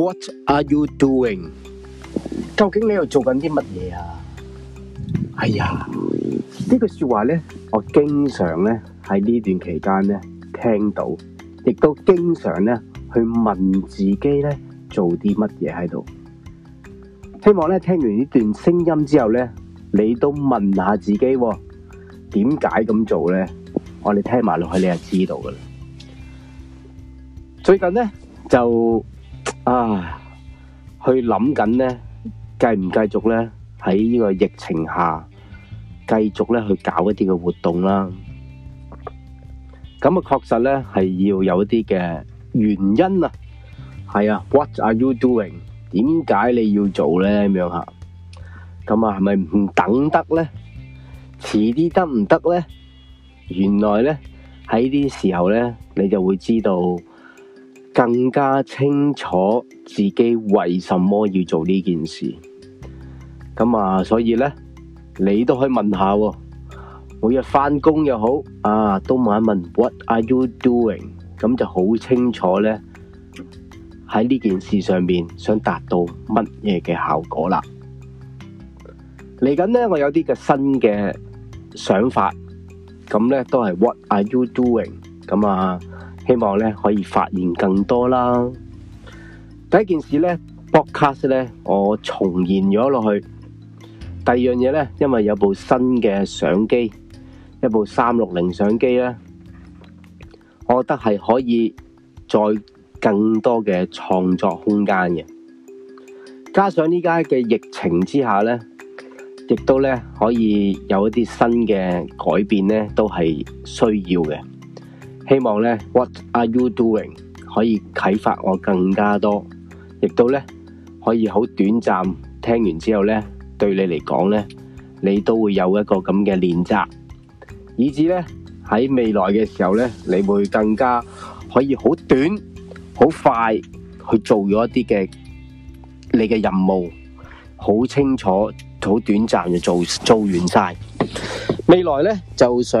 What are you doing？究竟你又做緊啲乜嘢啊？哎呀，呢句說話呢，我經常呢喺呢段期間呢聽到，亦都經常呢去問自己呢做啲乜嘢喺度。希望呢聽完呢段聲音之後呢，你都問下自己，點解咁做呢？我哋聽埋落去，你就知道噶啦。最近呢就。啊，去諗緊呢，繼唔繼續呢喺呢個疫情下繼續呢去搞一啲嘅活動啦。咁啊，確實呢係要有啲嘅原因啊。係啊，What are you doing？點解你要做呢？咁樣吓，咁啊係咪唔等得呢？遲啲得唔得呢？原來呢喺呢啲時候呢，你就會知道。更加清楚自己為什麼要做呢件事，咁啊，所以呢，你都可以問下，每日翻工，又好啊，都問一問 What are you doing？咁就好清楚呢，喺呢件事上面想達到乜嘢嘅效果啦。嚟緊呢，我有啲嘅新嘅想法，咁呢都係 What are you doing？咁啊。希望咧可以發現更多啦。第一件事咧 Podcast 咧，我重現咗落去。第二樣嘢咧，因為有部新嘅相機，一部三六零相機咧，我覺得係可以再更多嘅創作空間嘅。加上呢家嘅疫情之下咧，亦都咧可以有一啲新嘅改變咧，都係需要嘅。希望咧，What are you doing？可以啟發我更加多，亦都咧可以好短暫聽完之後咧，對你嚟講咧，你都會有一個咁嘅練習，以至咧喺未來嘅時候咧，你會更加可以好短、好快去做咗一啲嘅你嘅任務，好清楚、好短暫就做做完晒。未來咧就想。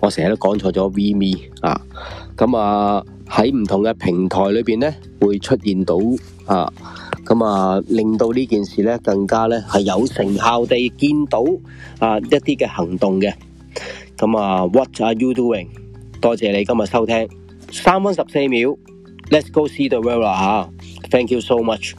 我成日都講錯咗 VMe 啊，咁啊喺唔同嘅平台裏邊咧會出現到啊，咁啊令到呢件事咧更加咧係有成效地見到啊一啲嘅行動嘅，咁啊 What are you doing？多謝你今日收聽三分十四秒，Let's go see the world 啦吓，Thank you so much。